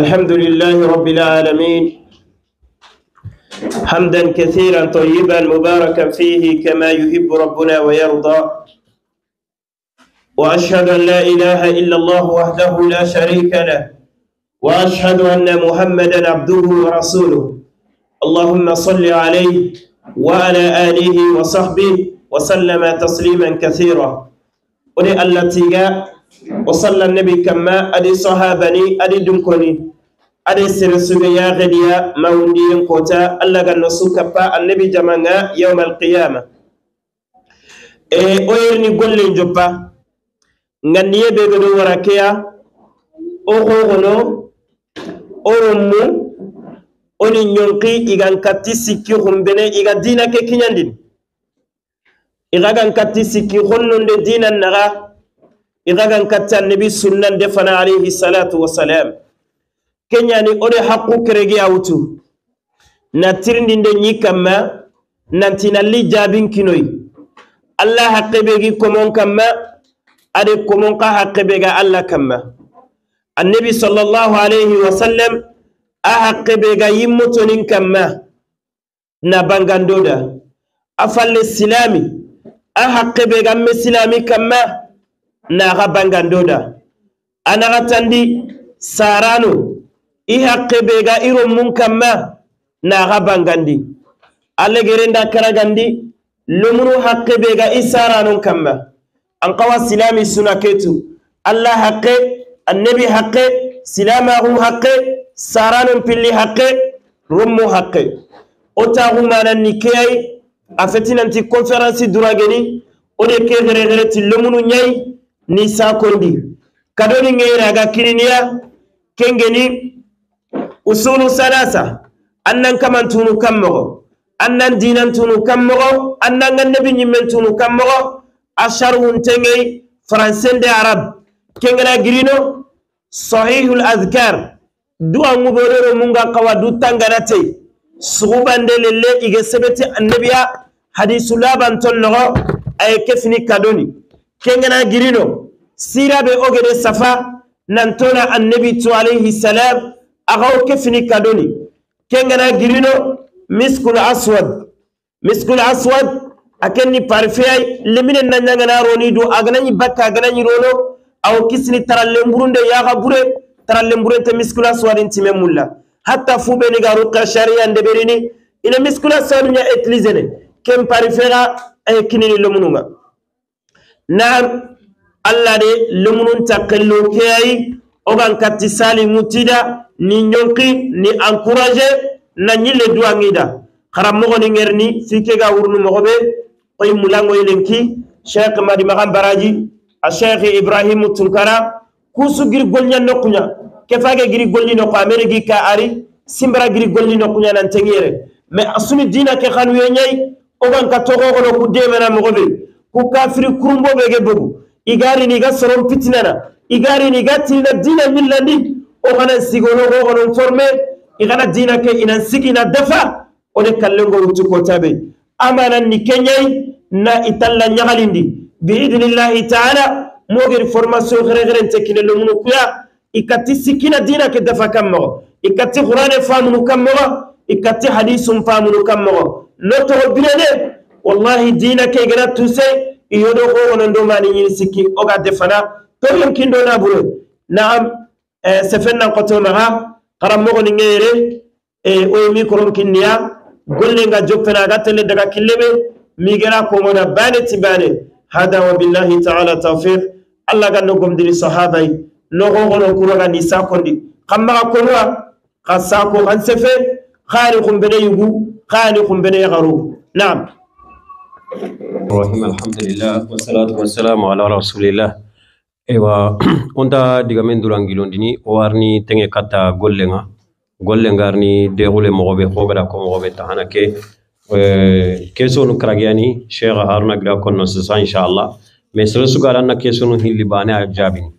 الحمد لله رب العالمين حمدا كثيرا طيبا مباركا فيه كما يحب ربنا ويرضى واشهد ان لا اله الا الله وحده لا شريك له واشهد ان محمدا عبده ورسوله اللهم صل عليه وعلى اله وصحبه وسلم تسليما كثيرا ولي التي جاء o salla nebi kamma adi sahaba ni adi dunkoni adi sere suge yaxediya mawundiyen kota allah ga nosu kappa annebi jamanga yauma alqiyama e o yerini gollen joppa ngandiye ɓeɓe ɗo wara keya o xoxono o rommu oni ñonki igan katti sikki xumbene iga dina ke kiñandin ixagan katti sikki xonnonde dinan naxa igagan katta annabi sunnan defana alayhi salatu wa salam. wasalam kenyani ode haqqu kerege awutu na tirindinde ñi kamma Nanti na nantinalli jaabin kinoy allah haqqebegi komon kamma ade komon ka haqqebega allah kamma annabi sallallahu alayhi wasallam a haqqebega nin kamma na bangandoda a falle silami a haqqebegan me silami kamma Na ka naxa da a ka tandi sarano i haqqe bega i rommun kanma naxa bangandi alla gerenda karagandi lomunu haqqe bega i saranon kanma an qawa silami suna ketu allah haqqe annabi haqqe silamaxu haqqe saranon pilli haqqe rommu haqqe wo taxumananni keyayi a fetinanti conférence durageni o de ke xerexere ti lomunu nyai. ni sakondi kadoni ngera ga kiniya kengeni usulu salasa annan kaman tunu kammo annan dinan tunu kammo annan annabi nyimmen tunu kammo asharun tengei français de arab kengena girino sahihul azkar duwa nguborero munga kawa du suban de lele ige sebeti annabiya hadisu laban tonno ay kefni kadoni kengena girino sira be ogede safa nantona annabitu alayhi salam agaw kefni kadoni kengana girino miskul aswad miskul aswad akenni parfeyay lemine nanyangana roni do aganañi bakka aganañi rono aw kisni tarallenburunde yaha bure tarallenburente miskul aswadin time mulla hatta fuɓeni ga ruqa sharia ndeɓerini ina miskul aswaduña utilisene ken parfera aye kinini lomunuga naam alla de lumunun takkello keyayi ogan katti sali mutida ni yonki ni encourage na ñille duwaŋida haranmogoni ŋerni sikke ga wurnu mogobe koyi mulangoyilenki cheikh madimagan baraji a cheikh ibrahim tunkara kusu giri golña nokkuña kefage giri golli nokku amene gi ka ari simbara giri golli nokkuña nanteŋiyere mais asuni dina ke hanuye o ogan ka togo togogono ku demena mogobe ku kafiri kurumboɓege bugu. igaarin iga soron fitnana igaarin iga tilna dina millani ogana sigono ogana informe igana dina ke ina sigi ina dafa ode kallengo wutu kotabe amana ni kenyai na italla nyagalindi biidnillahi taala mogeri formation xerexerente kinelo munu kuya ikati sikina dina ke dafa kan mogo ikati qur'ane famunu kan mogo ikati hadisum famunu kan mogo no togo birene wallahi dina ke igana tuse iyodo ko wonon do mani ñini sikki oga defana toriyon kindona buro naam sefen nan koto maga karammogo ni ngere e o mi korom kinniya golle nga jokkana ga tele daga killebe mi gera ko mona bane tibane hada wa billahi ta'ala tawfiq allah ganno gomdiri sahabai nogo gono kuraga ni sakondi kamma ka konwa ka sako kan sefe khariqun bene yugu khariqun bene yagaru naam الرحيم الحمد لله والصلاة والسلام على رسول الله ايوا اوندا ديغا من دوران ديني وارني تنجي كاتا غولنغا غولنغا رني ديغول مغوبي خوغدا كو مغوبي تانا كي إيه، كيسون كراغياني شيخ هارنا غدا كون نسسا ان شاء الله مي سرسو غارنا كيسون هيلي بانا جابيني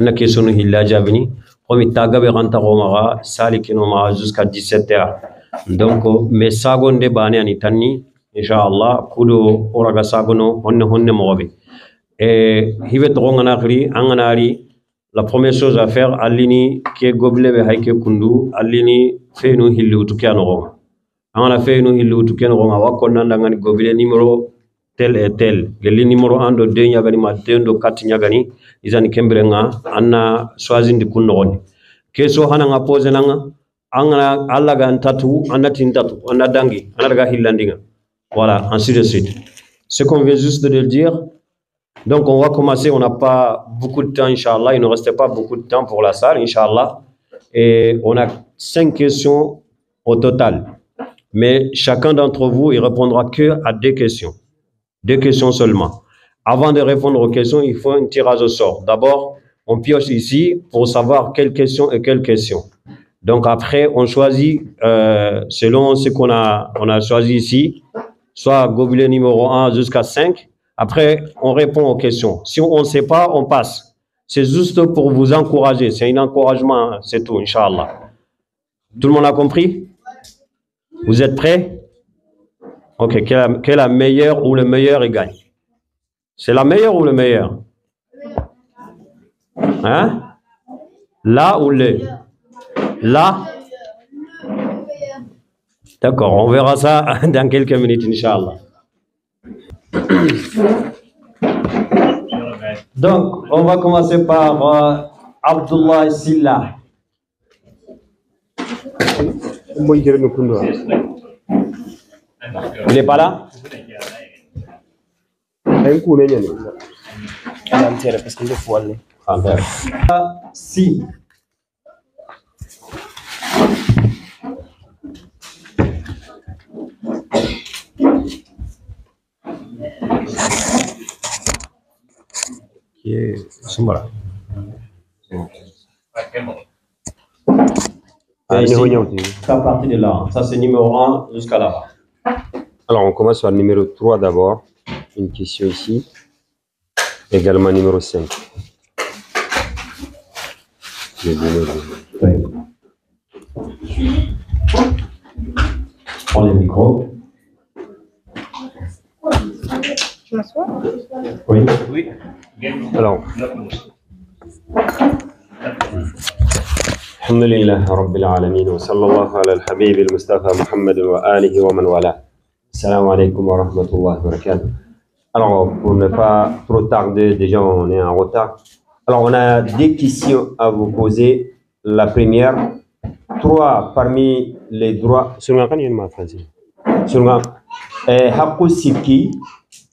انا كيسون هيلا جابيني قومي تاغبي غانتا قومغا سالكينو ما جوسكا 17 heures donc mais sagonde bane ani tanni inchallah kudo oraga sagono honne honne mogoɓe e hiɓe togo gana xiri an ganari la première chose à faire allini ke gobileɓe hay kundu allini feynu hilliwutu ke a noxonga an gana feynu hilliwutu ke noxonga wa konnandangani gobile numéro tel et tel gelli numéro 1 do 2 ma 2 do 4 ñagani isani nga anna choisindi kun noxondi ke so hananga pose nanga an gana alla gan tatu annatin anadaga hillandinga Voilà, ainsi de suite. Ce qu'on vient juste de le dire, donc on va commencer, on n'a pas beaucoup de temps, Inch'Allah, il ne restait pas beaucoup de temps pour la salle, Inch'Allah. Et on a cinq questions au total. Mais chacun d'entre vous, il répondra que à deux questions. Deux questions seulement. Avant de répondre aux questions, il faut un tirage au sort. D'abord, on pioche ici pour savoir quelle question et quelle question. Donc après, on choisit, euh, selon ce qu'on a, on a choisi ici, soit gobelet numéro 1 jusqu'à 5. Après, on répond aux questions. Si on ne sait pas, on passe. C'est juste pour vous encourager. C'est un encouragement, hein. c'est tout, Inch'Allah. Tout le monde a compris Vous êtes prêts Ok, quelle est, la meilleure ou le meilleur il gagne C'est la meilleure ou le meilleur Hein Là ou le Là D'accord, on verra ça dans quelques minutes, Inch'Allah. Donc, on va commencer par euh, Abdullah Silla. Il n'est pas là Si. Qui sont ça part de là. Ça, c'est numéro 1 jusqu'à là. Alors, on commence par le numéro 3 d'abord. Une question ici. Également numéro 5. je Prends les micro Je m'assois Oui. Oui. Alors. الحمد لله رب العالمين وصلى الله على الحبيب المصطفى محمد وآله ومن والاه السلام عليكم ورحمة الله وبركاته Alors, pour ne pas trop tarder, déjà on est en retard. Alors, on a des questions à vous poser. La première, trois parmi les droits. Sur ma canne, il y a une phrase. Sur ma. Hakou Sibki,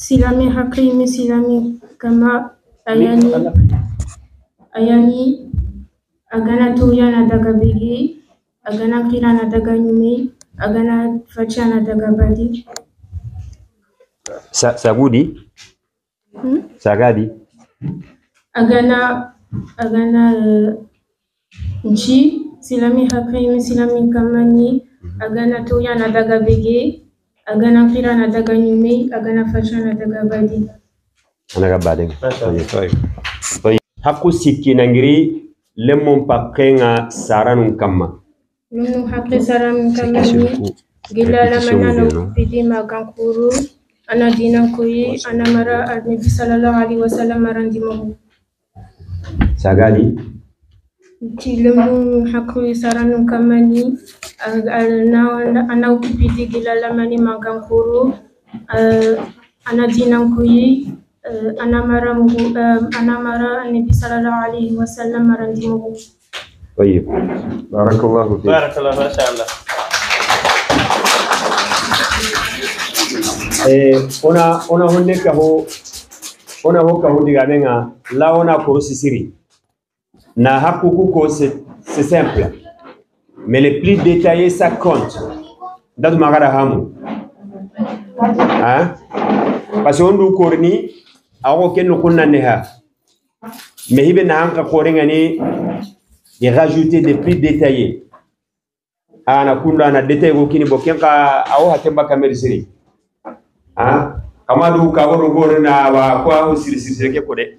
Silami Hakrimi Silami kama ayani ayani agana na daga bigi agana na daga nyumi agana na daga badi sagudi hmm? sagadi agana agana uh, nchi silami hakrimi silami kamani mhm. agana na daga bigi Agana fira anataka nyumei, agana fasha anataka badi. Anaka badi. Hakku sikki nangiri lemon pakenga saranun kamma. Lumu hakki saranun kamma ni. Gila lamana no pidi magankuru. Ana dina kuyi, ana mara al sallallahu alaihi wasallam marandimo. Sagali. Chilumu hakuri saranu kamani anau kipidi gilalamani magankuru mara anamara mugu mara nabi sallallahu alaihi wasallam marandimugu طيب بارك الله فيك بارك الله ما شاء الله ona ona honne kaho ona ho kaho diga menga la ona siri. Na Hakukuko, c'est simple. Mais les plus détaillé ça compte. Datu magara hamu. Hein? Parce qu'on nous corni, alors qu'on nous connaît neha. Mais hibe na hanka korengani, de rajouter des plus détaillés. Ana kunda na détail ko kini ka awo hatemba siri. Hein? Kama du ka woro na wa kwa ho sirisirike kode.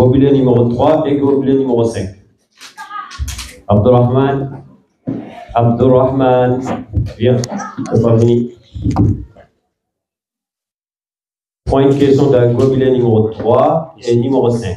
gobelet numéro 3 et gobelet numéro 5. Abdurrahman, Abdurrahman, viens, c'est pas fini. Prends une question d'un gobelet numéro 3 et numéro 5.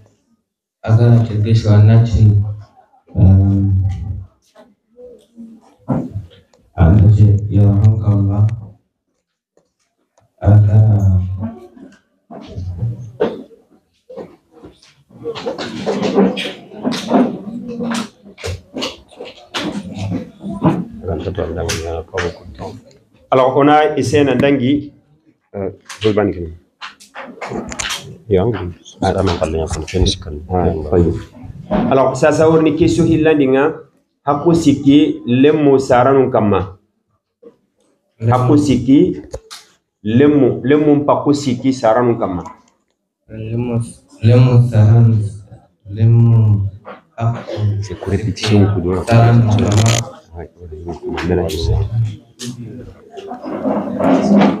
agar ehm, anu sih Lanajri Anajri Ya Rahmatullah agar Alors, on a essayé un dangi. Euh, Alors, sasa wurni kesu hillandinga hakku siki lemmu saranun kamma aku siki lemmu lemmun Aku siki saranun kamma lemmu saranun lemmu c'est quoi répétition ou quoi Ouais, on va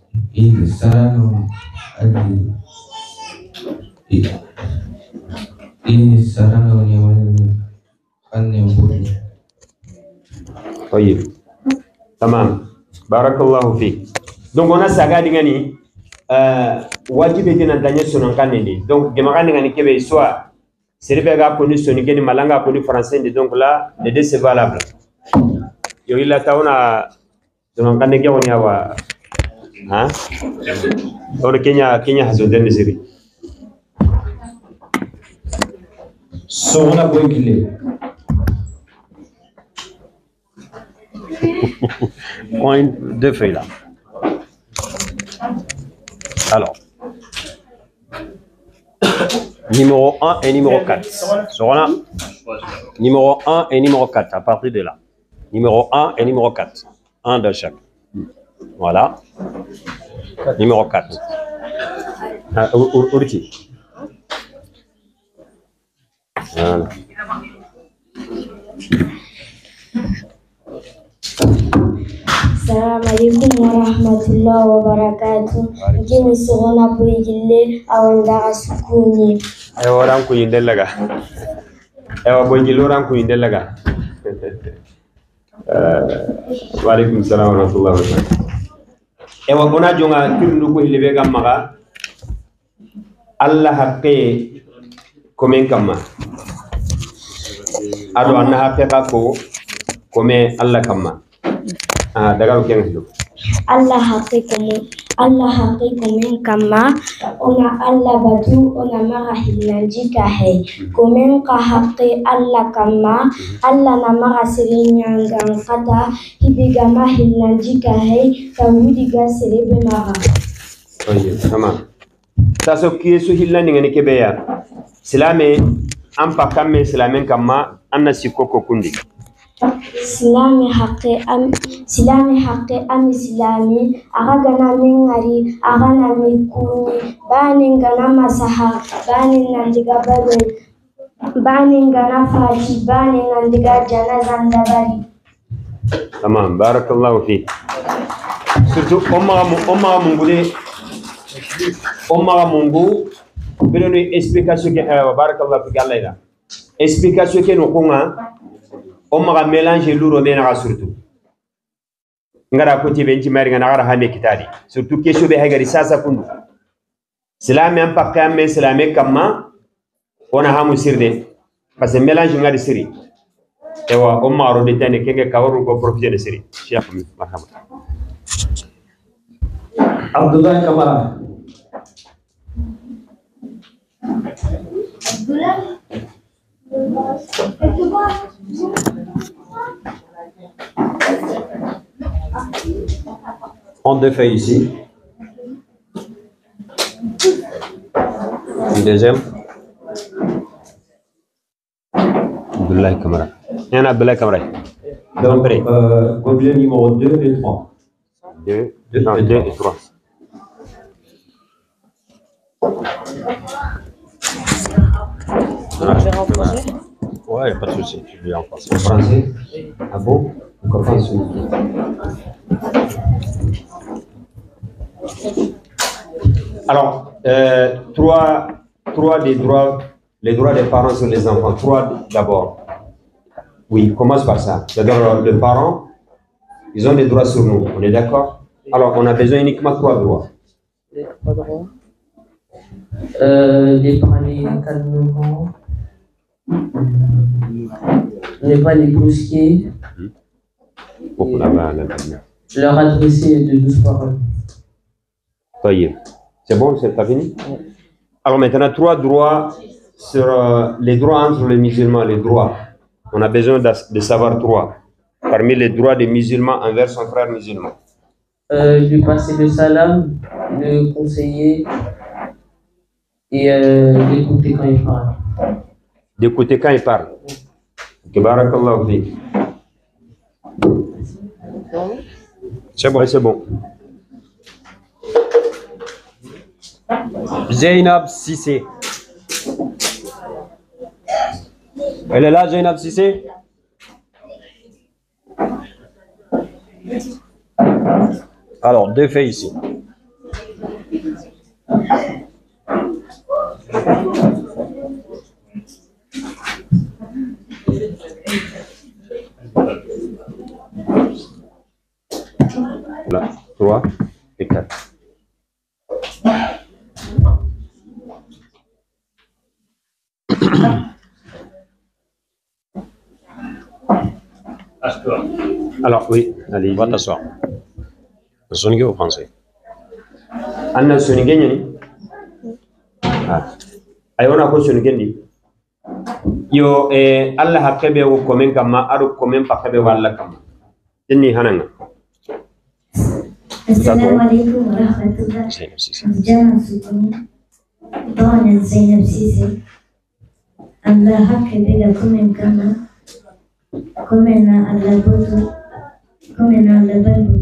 insanun adi iya. ini sarang yang kan yang buruk طيب تمام بارك الله donc on a saga dengan eh, ya ni euh de dina danya sunan kan ni donc gemakan dengan kebe soit serbe ga ko ni soni geni malanga ko ni français de donc là les deux c'est valable yo ila tauna sunan kan ni ya wa Hein? le Kenya Kenya deux ziri Sonra Boykile. Point de feuille là. Alors. numéro 1 et numéro 4. Sorona. Numéro 1 et numéro 4, à partir de là. Numéro 1 et numéro 4. Un de chaque. Voilà. Numéro 4. Ah, Urti. Voilà. Assalamu alaikum wa rahmatullah wa barakatuh. Gini sogona ko yigille awanda asukuni. Ay waran ku yindellaga. Ay wa bonjilo ran eh, Wa alaikum salam wa rahmatullah wa barakatuh. ewa gona jonga tundu ko hilbe gam maga allah ko komen kamma ado anna haqqe ka ko men allah kamma a ah, daga ken allah ko men Allah hakika min kama ona Allah batu ona mara hinanji ka hai ko min Allah kama Allah na mara sirinya ngang kata hibiga ma hinanji ka hai kamudiga sirebe mara طيب تمام taso kiyesu hillandiŋeni kebeya silame an pa kamme silamen kamma an na sikko silami hakki am silami hakki am silami aga gana mengari aga na mikuni bani gana masaha bani nandiga bebe bani gana fati bani nandiga jana zanda bari. barakallahu fi surtu omma mu omma mu ngule omma mu ngu bino ni explication ke hewa barakallahu fi galayda explication ke no o maga mélange luro menaxa surtout ngara koti ɓe ntimaringa naxara hame kitadi surtout question ɓe haygari sasa kundu silame an pakke an me silame kamma wona hamu sirde par ce que mélange ngadi siri ewa o maarode tane kenge kawaru ko profité de siri cheikh marhaba abdoulaye kamara abdoulaye On défait ici. Une deuxième. la caméra. Il y en a Black camera. Donc, euh, objet numéro 2 et 3. 2, 2 3. Ouais, pas de souci, tu en français. français Ah bon Alors, euh, trois, des droits, les droits des parents sur les enfants. Trois d'abord. Oui, commence par ça. D'abord, les parents, ils ont des droits sur nous, on est d'accord Alors, on a besoin uniquement de trois droits. trois droits Les euh, n'ai pas les brusquer. Leur adresser de douze paroles. Ça y est. C'est bon, c'est pas fini Alors maintenant, trois droits sur euh, les droits entre les musulmans, les droits. On a besoin de, savoir trois. Parmi les droits des musulmans envers son frère musulman. Euh, lui passer le salam, le conseiller et l'écouter euh, quand il parle d'écouter quand il parle. C'est bon, c'est bon. Zainab Sissé. Elle est là, Zainab Sissé Alors, deux faits ici. Alors, oui, allez. Va t'asseoir. Sunigé ou français Anna sunigé nyani Ah. Ayo na ko sunigé ndi. Yo eh Allah hakebe wo komen kama aro komen pa kebe walla kama. Tinni hananga. السلام عليكم ورحمة الله جامعة سلطانية طبعا زينب سيسي الله هكذا كومن كما كومن على بوتو ಕಮನಾಲಬಲು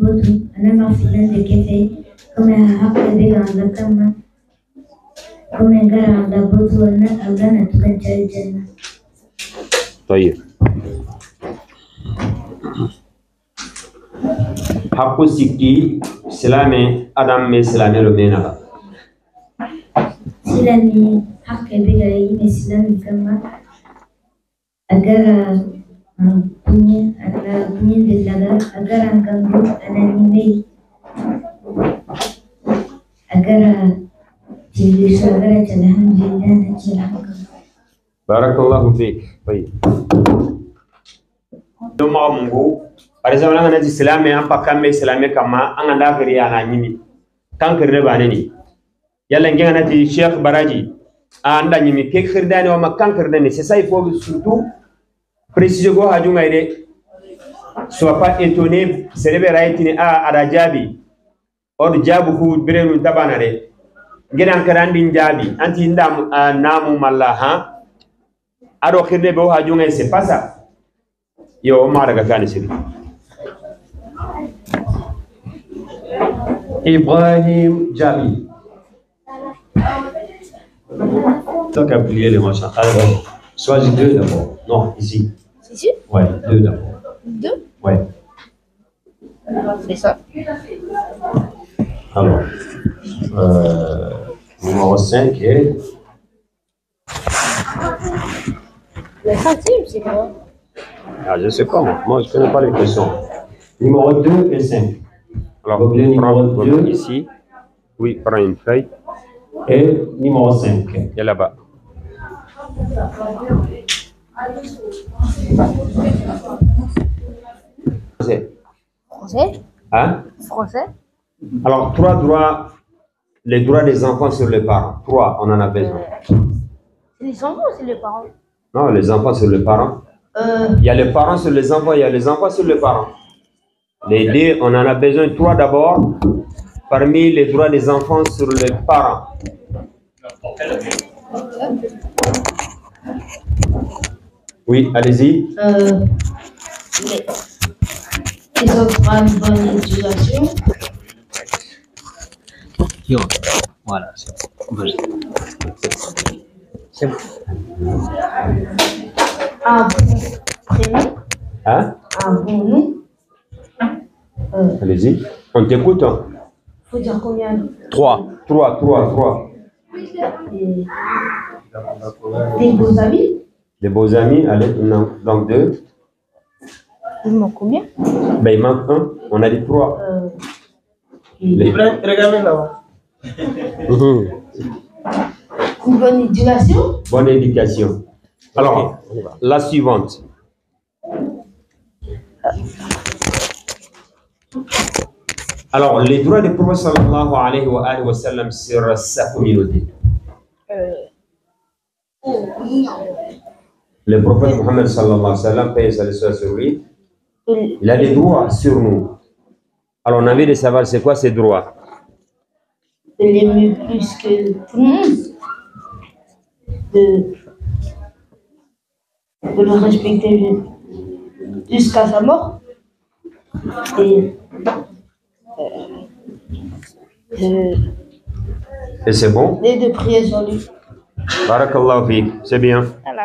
ಬುಧು ಅನಮಾಫಿಲಂದೆಕೆತೆ ಕಮಹಾಕದೆಗಾಂದಕಮ್ಮ ಕಮಗಾರಾಂದ ಬುಧು ಅನ್ನ ಅಗನ ತುಕಂಚಲ್ ಜನ್ನ طيب हक्को सिक्की सिला में अदम में सिला में रुमेना सिला में हक के बिगड़ी में me silame kama agara punya antara punya dijaga agar angka grup anime agar jilid saudara na jilid dan barakallahu fiik tayyib don maga mungu bari sabala ngana ti silame an pa kambe silame kama an anda khiri ana nyimi kan bane ne? yalla ngi ngana ti sheikh baraji anda nyimi ke khirdani wa makan khirdani ne ça sai faut surtout précision go ha ngai de sois pas étonné serebe raitini a ada jaabi oɗo jaabu ku birenu tabana de geɗan kada andin jaabi anti ndam namu malla ha aɗo hirde ɓe o haju ngai c'est pas ça yo o maraga kani Ibrahim Jami. Tant qu'à plier les machins. Alors, choisis deux d'abord. Non, ici. Oui, deux d'abord. Deux Oui. C'est ça. Alors, euh, numéro 5 est. Le centimes, c'est quoi ah, Je ne sais pas, moi je ne connais pas les questions. Numéro 2 et 5. Alors, le numéro 2 ici. Oui, prends une feuille. Et numéro 5. est là-bas. Français. Hein? Français. Alors, trois droits, les droits des enfants sur les parents. Trois, on en a besoin. Euh, les enfants ou les parents Non, les enfants sur les parents. Euh. Il y a les parents sur les enfants, il y a les enfants sur les parents. Les deux, on en a besoin. Trois d'abord, parmi les droits des enfants sur les parents. Oui, allez-y. Euh, les, une bonne utilisation. Yo. Voilà, c'est bon. C'est bon. Un bon prénom. Hein Un bon nom. Euh, allez-y. On t'écoute. Il hein. Faut dire combien Trois. Trois, trois, trois. Des beaux habits de beaux amis allez, en langue deux. Il manque combien ben, Il manque un. On a dit trois. Euh... Les... Regardez là-bas. bonne éducation Bonne éducation. Alors, la suivante. Alors, les droits du prophète sallallahu alayhi wa, alayhi wa sallam sur sa communauté. Euh... Oh, le prophète Mohammed sallallahu alayhi wa sallam, sa sur lui, il a des droits sur nous. Alors on a envie de savoir c'est quoi ces droits. Il est mieux plus que tout le monde. De, de le respecter jusqu'à sa mort. Et, euh, euh, et c'est bon Et de prier sur lui. Barakallahu fi, c'est bien. Voilà.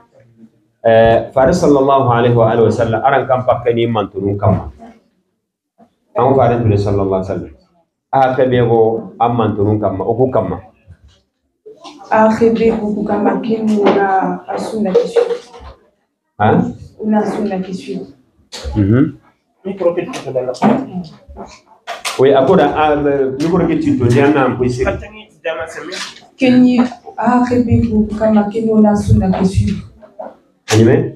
فارس صلى الله عليه وآله وسلم أرن كم بكني من تنو كم أم فارس صلى الله عليه وسلم أخبي أبو أم من تنو كم أو كم أخبي أبو كم كم ولا أسونا كيسو ها ولا أسونا كيسو مhm ويقول لك أنا أقول لك Animé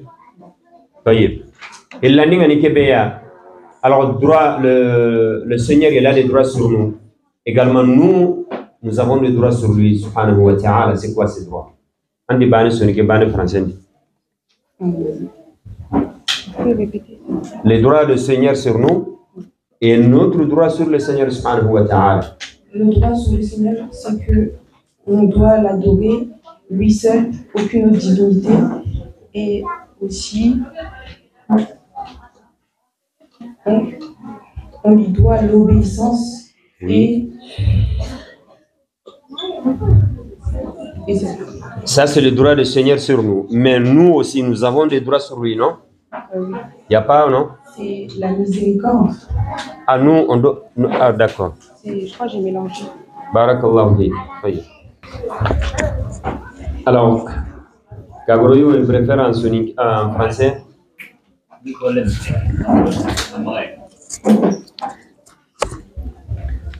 Et landing en Alors, droit, le, le Seigneur, il a des droits sur nous. Également, nous, nous avons des droits sur lui, subhanahu wa ta'ala. C'est quoi ces droits On dit bani sonique, bani français. Les droits du Seigneur sur nous et notre droit sur le Seigneur, subhanahu wa ta'ala. Le droit sur le Seigneur, c'est que on doit l'adorer, lui seul, aucune autre divinité et aussi on, lui doit l'obéissance et, ça c'est le droit du Seigneur sur nous. Mais nous aussi, nous avons des droits sur lui, non euh, Il n'y a pas, non C'est la miséricorde. Ah, nous, on doit... Ah, d'accord. Je crois que j'ai mélangé. Barakallah, oui. Alors, Gagroyo, il préfère en, en français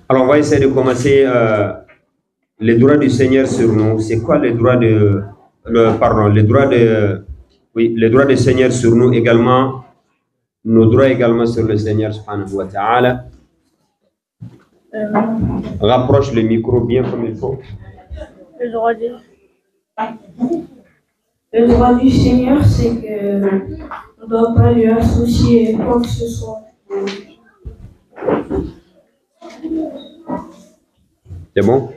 Alors, on va essayer de commencer euh, les droits du Seigneur sur nous. C'est quoi les droits de. pardon, les droits de. Oui, les droits du Seigneur sur nous également. Nos droits également sur le Seigneur, subhanahu wa ta'ala. Euh, Rapproche le micro bien comme il faut. Le de. Le droit du Seigneur, c'est qu'on ne doit pas lui associer quoi que ce soit. C'est bon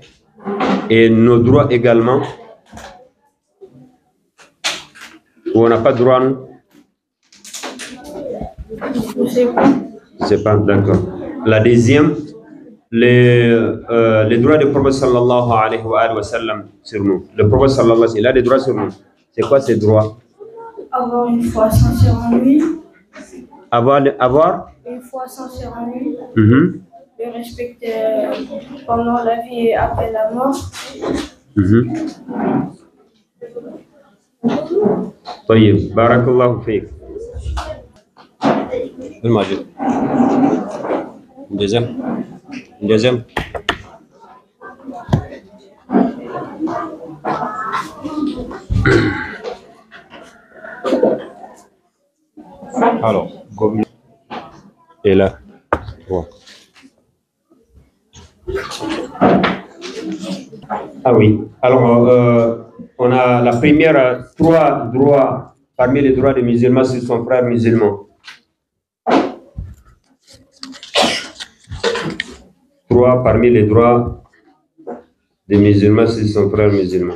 Et nos droits également Ou on n'a pas de droit Je sais pas. C'est pas, d'accord. La deuxième, les, euh, les droits du prophète sallallahu alayhi wa, alayhi sallam sur nous. Le prophète sallallahu alayhi wa sallam, il a des droits sur nous. C'est quoi ces droits Avoir une foi sincère en lui. Avoir, avoir Une foi sincère en lui. Mm-hmm. Le respecter euh, pendant la vie et après la mort. Mm -hmm. طيب بارك الله فيك الماجد Euh. Alors, comme là. Ah oui. Alors, euh, on a la première, trois droits parmi les droits des musulmans c'est son frère musulman. Trois parmi les droits des musulmans c'est son frère musulman.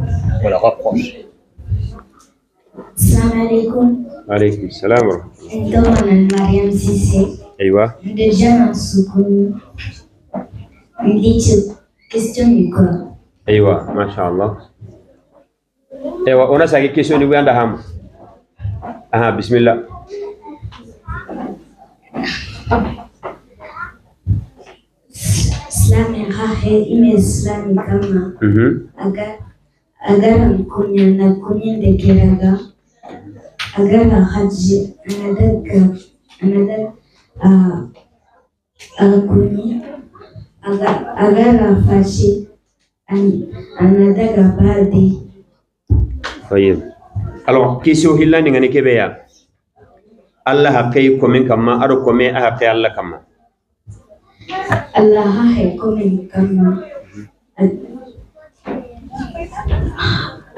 on rapproche. Salam alaikum. Alaykoum salam. Mariam Sissé. Aywa. Déjà dans ce dit question du corps. masha'Allah. Aïwa on a sa question du Ah, bismillah. et agara kunya na kunyendekeraga agara hajji anadagga anadag akunyi agara fashi anadaga bardi طيب alors question hillani ngani kebeya allah hakkay komen kamma aɗo kome a hakkay allah kamma allah ha hay komen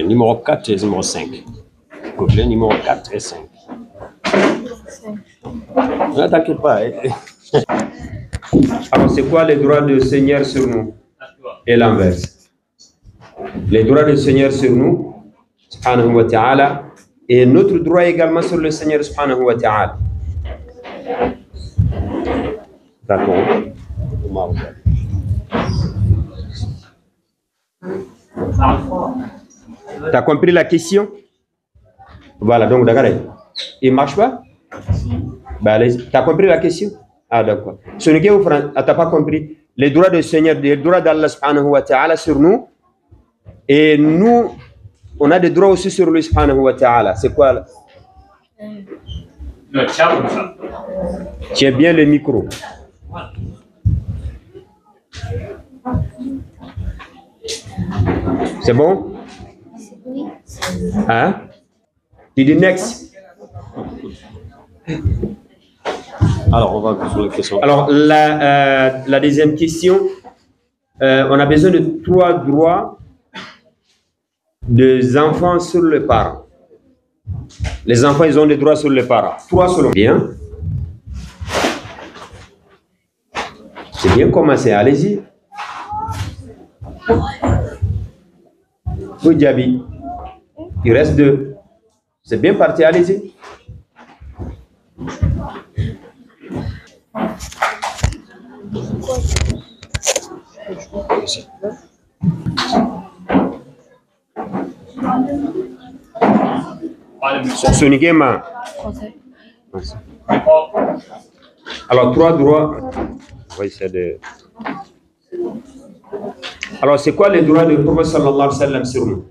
numéro 4 et numéro 5. numéro 4 et 5. Ne t'inquiète pas. Hein. Alors, c'est quoi les droits du Seigneur sur nous Et l'inverse. Les droits du Seigneur sur nous, subhanahu wa ta'ala, et notre droit également sur le Seigneur, subhanahu wa ta'ala. D'accord. Tu as compris la question Voilà, donc d'accord. Il marche pas ben, bah, Tu as compris la question Ah, d'accord. Ce n'est ah, tu pas compris. Les droits du Seigneur, les droits d'Allah sur nous. Et nous, on a des droits aussi sur lui C'est quoi Tiens bien le micro. C'est bon Hein? next? Alors, on va sur Alors, la, euh, la deuxième question, euh, on a besoin de trois droits des enfants sur le parents. Les enfants, ils ont des droits sur les parents. Trois selon Bien. C'est bien commencé, allez-y. Oui, Diaby. Il reste deux. C'est bien parti, allez-y. Alors, trois droits. Alors, c'est quoi les droits du prophète sallallahu alayhi wa sallam sur nous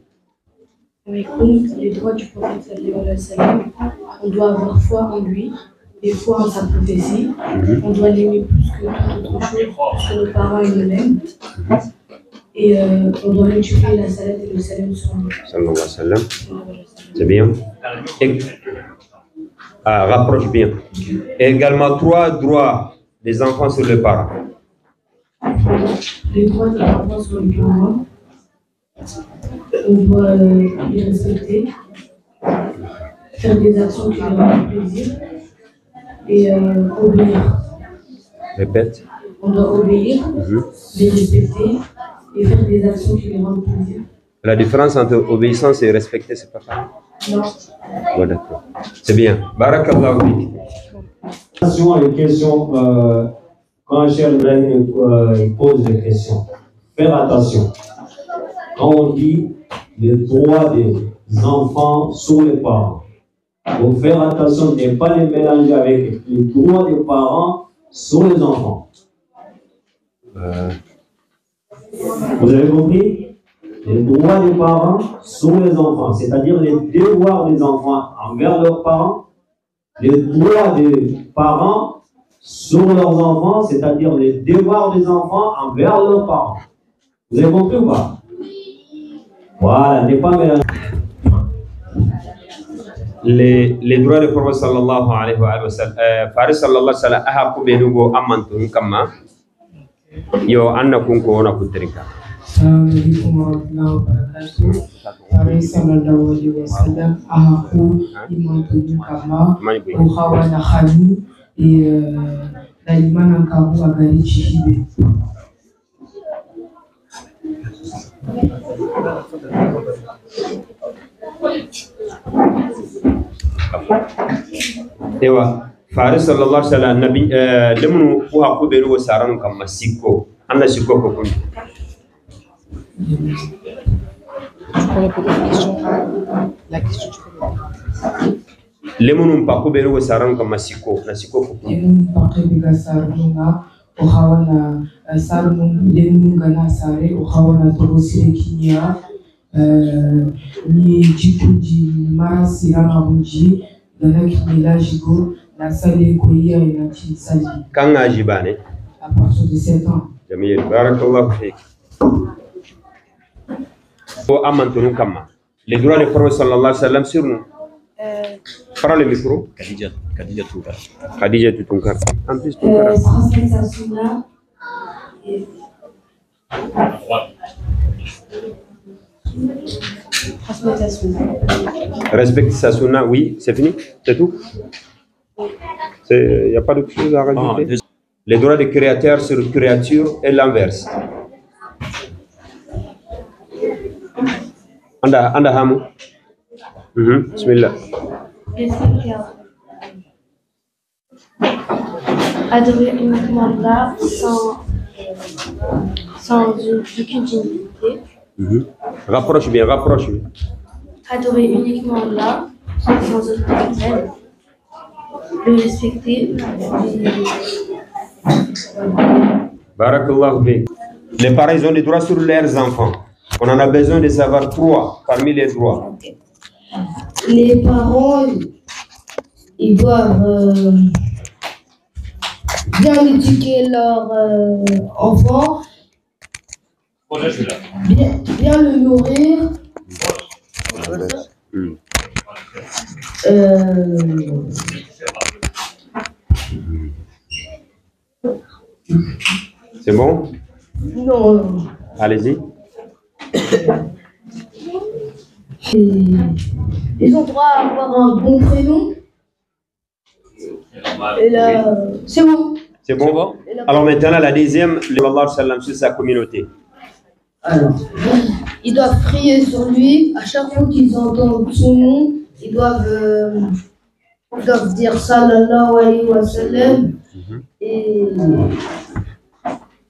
avec les droits du prophète On doit avoir foi en lui et foi en sa prophétie. Mhm. On doit l'aimer plus que tout autre chose, sur que nos parents mhm. et le euh, Et on doit étudier la salade et le salam sur nous. Sallallahu wa C'est bien. Ah, rapproche bien. Et également trois droits des enfants sur les parents. Les droits des enfants sur les parents on doit euh, les respecter, faire des actions qui leur rendent plaisir et euh, obéir. Répète. On doit obéir, les respecter et faire des actions qui leur rendent plaisir. La différence entre obéissance et respecter, c'est pas pareil. Non. Bon, d'accord. C'est bien. Barakallah. Les questions, euh, quand Cher euh, pose des questions, faire attention quand on dit les droits des enfants sur les parents. Pour faire attention de ne pas les mélanger avec les droits des parents sur les enfants. Euh, vous avez compris Les droits des parents sur les enfants, c'est-à-dire les devoirs des enfants envers leurs parents, les droits des parents sur leurs enfants, c'est-à-dire les devoirs des enfants envers leurs parents. Vous avez compris ou pas Voilà, ne pas mélanger les, les droits du prophète sallallahu alayhi wa sallam. Euh, Faris sallallahu alayhi wa sallam, aha kube nugo amantun kama. Yo, anna kunko ona kutrika. Assalamu alaikum wa rahmatullahi wa barakatuh. Faris sallallahu alayhi wa sallam, aha ku imantun kama. Ukawa na khani. Et euh, la limana kabu agari chihibe. ايوا فارس صلى الله عليه وسلم نبي لمنو هو اكو بيرو سارن كما سيكو انا سيكو كوكو لمنو باكو بيرو سارن كما مسيكو نسيكو كوكو باكو بيرو سارن كما سيكو saarunum lennu gana saare o hawana torosire kiniya ni jikuji mara siramabuji gana kinila jigo na sale koyiya inati sali kan aji bane à partir de 7 ans jamil barakallahu fik ko amantunu kamma les droits de prophète sallallahu alayhi wa sallam sur nous Parle le micro. Khadija, Khadija Tunkar. Khadija Tunkar. En plus, Tunkar. Euh, transmettre à droite. Respecte sa oui, c'est fini C'est tout Il n'y a pas d'autre chose à rajouter Les droits des créateurs sur créature et l'inverse. Anda, anda hamu. Mm -hmm. Bismillah. Adorez uniquement là sans sans aucune dignité. Mhm. Rapproche bien, rapproche. Adorer uniquement là, sans autre personne. Le respecter. Barakallah Les parents, ils ont des droits sur leurs enfants. On en a besoin de savoir trois parmi les droits. Les parents, ils doivent. Euh bien éduquer leurs enfant oh, enfants, bien, le nourrir. Euh, c'est bon Non. Allez-y. Ils ont droit à avoir un bon prénom. Et là, euh, c'est bon. C'est bon? bon? Alors maintenant, la deuxième, le sallam sur sa communauté. Alors, ils doivent prier sur lui. À chaque fois qu'ils entendent son nom, euh, ils doivent, dire sallallahu alayhi wa sallam. Mhm. Et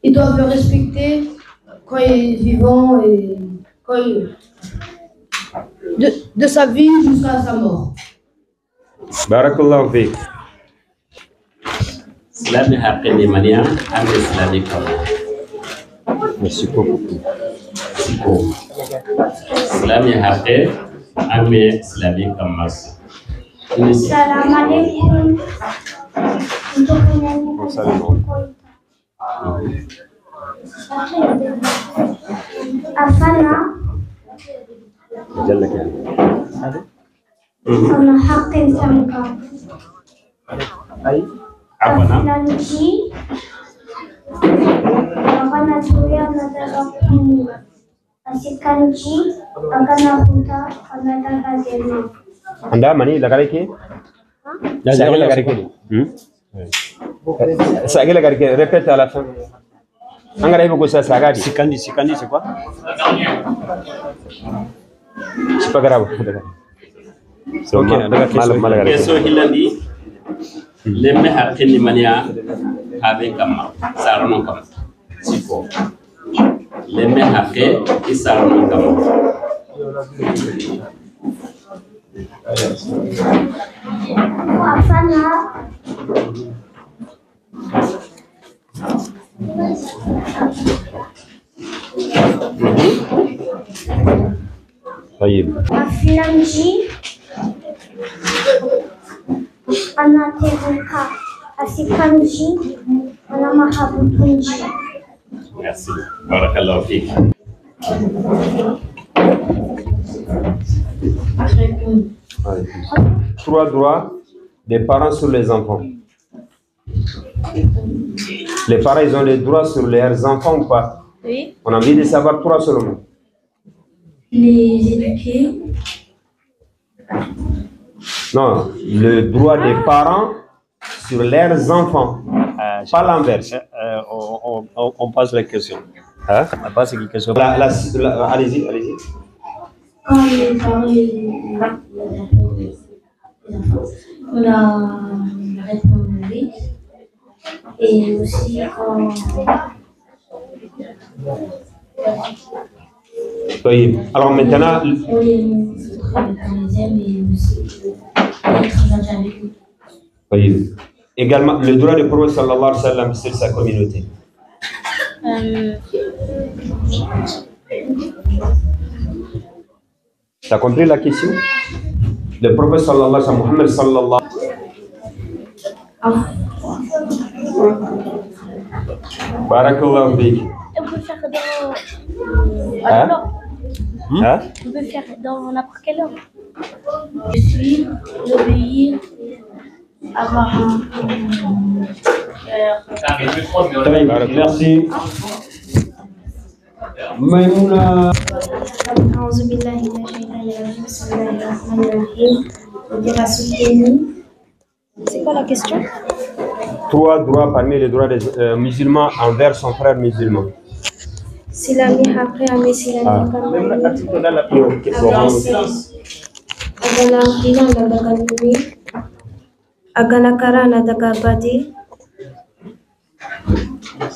ils doivent le respecter quand il est vivant et quand il... de, de sa vie jusqu'à sa mort. Barakallahu l'islam haqq limania al islami Merci beaucoup. Siko. Islam ya haqq ame islami kamas. Assalamualaikum. Untuk Asana. Jalla kan. Ana Assalamualaikum. samka. అపనంచి kan, anda mani lagari rakhi hai jaise laga ya, Saya hai sage laga rakhi repeat ala sa hmm? saya hivyo kusa saga sikandi sikandi sikwa sipagara so okay laga rakhi so hilandi Le me hake li manya, habe yon kamman. Sarman kamman. Si pou. Le me hake, sarman kamman. Hayib. A filan ji. Hayib. anateruka asikanji anamahabutunji. Merci. Barakallahu fik. Trois droits des parents sur les enfants. Les parents, ils ont les droits sur leurs enfants ou pas Oui. On a envie de savoir trois seulement. Les éduquer. Non, le droit des parents sur leurs enfants. Euh, pas l'inverse. Euh, euh, on, on, on, passe la question. Hein? On passe La, la, allez-y, allez-y. Quand les parents, on a répondu. Et aussi quand. طيب alors maintenant طيب également le droit du prophète sallallahu alayhi wa sallam sur sa communauté T'as compris la question Le prophète sallallahu alayhi wa sallam, Mohammed sallallahu alayhi wa sallam. Barakallahu Hein hein hmm hein on peut faire dans. dans n'importe quelle heure. Je suis, Merci. C'est quoi la question Trois droits parmi les droits des euh, musulmans envers son frère musulman. Silami hapa amesilami agana hina na bagalumi agana kara na daga badi.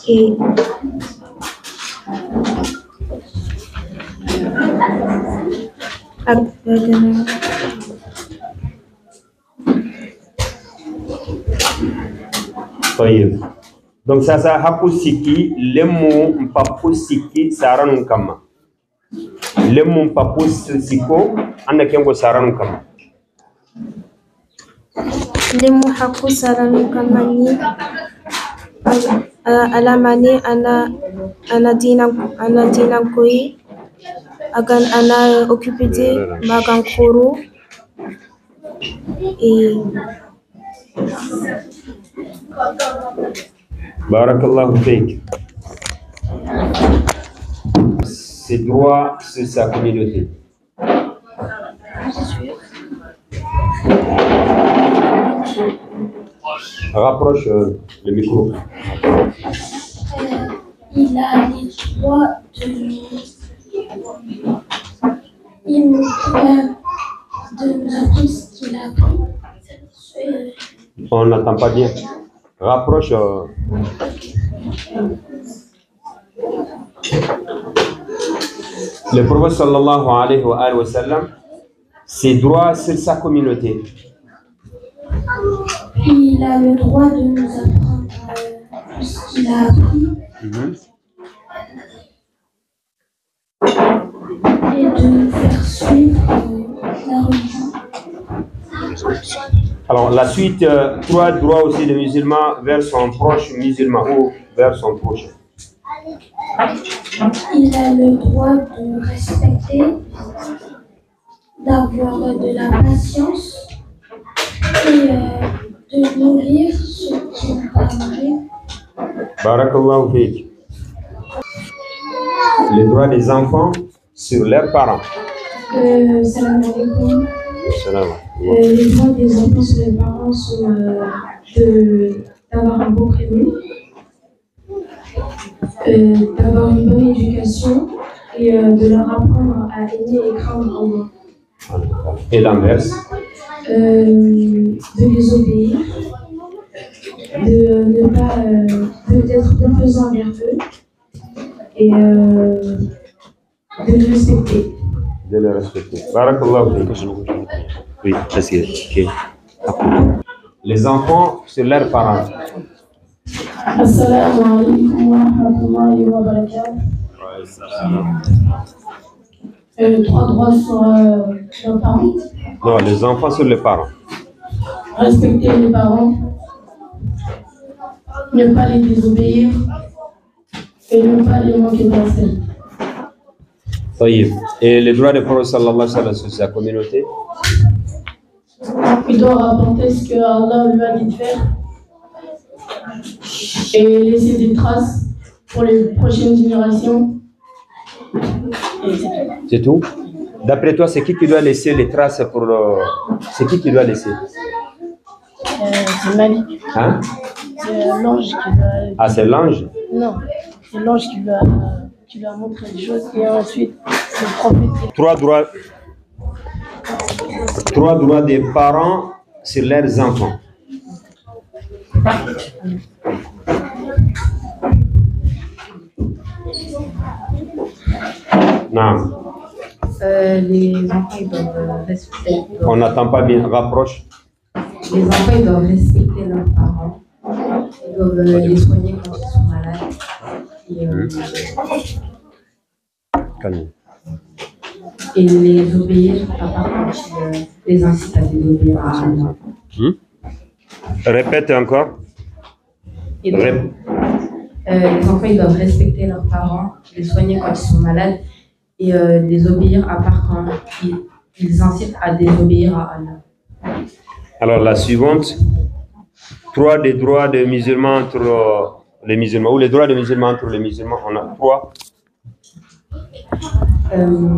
e agana طيب donc ça, ça sasa hakusiki lemu mpapu siki saranu kama lemu mpapu siko anda kengo saranu kama lemu haku saranu kama ni alama ana ana dinan ana dinan koyi akan ana occupé magan et Barakallah vous Fake. Ses droits, c'est sa communauté. Rapproche euh, le micro. Euh, il a les droits de. Il nous de ma vie ce qu'il a pris. On n'attend pas bien. Rapproche. Euh. Le prophète sallallahu alayhi wa sallam ses droits sur sa communauté. Il a le droit de nous apprendre euh, ce qu'il a appris. Mhm. Et de nous faire suivre euh, la religion. Alors la suite, euh, trois droits aussi des musulmans vers son proche musulman ou vers son proche. Il a le droit de respecter, d'avoir de la patience et euh, de nourrir ceux qui va pas Barakallahu fiqh. Les droits des enfants sur leurs parents. Euh, salam alaikum. Euh, les droits des enfants sur les parents sont euh, d'avoir un bon prénom, euh, d'avoir une bonne éducation et de leur apprendre à aimer et craindre en moi. Et l'inverse De les obéir, de ne pas d'être bienfaisant envers eux et de les respecter. De les respecter. Barakallahu oui, okay. Les enfants, sur leurs parents. Assalamu alaikum wa rahmatullahi wa barakatuh. Euh, trois droits sur euh, parents Non, les enfants sur les parents. Respecter les parents. Ne pas les désobéir. Et ne pas les manquer de d'enseigne. Et les droits des prophètes sallallahu alayhi wa sallam sur sa communauté il doit rapporter ce que Allah lui a dit de faire et laisser des traces pour les prochaines générations. C'est tout D'après toi, c'est qui qui doit laisser les traces pour le... C'est qui qui doit laisser euh, C'est Malik. Hein C'est l'ange qui doit... Ah, c'est l'ange Non, c'est l'ange qui doit, qui montré montrer les choses et ensuite c'est le prophète. Trois droits Trois droits des parents sur leurs enfants. Non. Euh, les enfants doivent respecter. On n'attend pas bien, rapproche. Les enfants doivent respecter leurs parents. Ils doivent euh, les soigner quand ils sont malades. Et, euh, et les obéir, papa, quand tu les incitent à désobéir à Allah. Répète encore. Euh, les enfants, ils doivent respecter leurs parents, les soigner quand ils sont malades et les euh, obéir à part quand ils, ils incitent à désobéir à Allah. Alors la suivante, trois des droits des musulmans entre les musulmans, ou les droits des musulmans entre les musulmans, on a trois. Euh,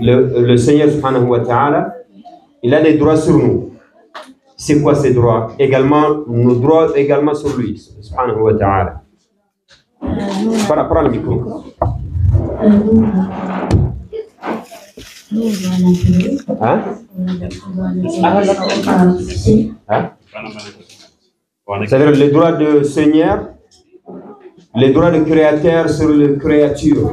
le, Seigneur subhanahu ta'ala, il a des droits sur nous. C'est quoi ces droits Également, nos droits également sur lui, subhanahu wa ta'ala. Voilà, le micro. C'est-à-dire hein? hein? les droits de Seigneur, les droits de créateur sur les créatures.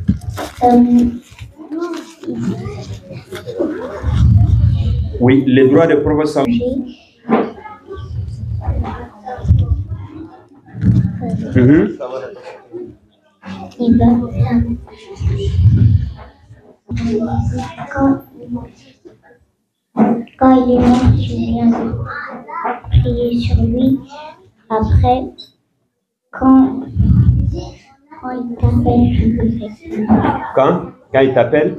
Oui, les droits des prophètes Mmh. Quand, il est mort, je viens prier sur lui. Après, quand quand il t'appelle, je Quand Quand il t'appelle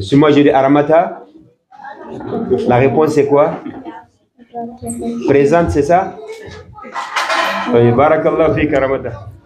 Si moi je dis Aramata, la réponse c'est quoi Présente, c'est ça Oui, Barakallah fi Aramata.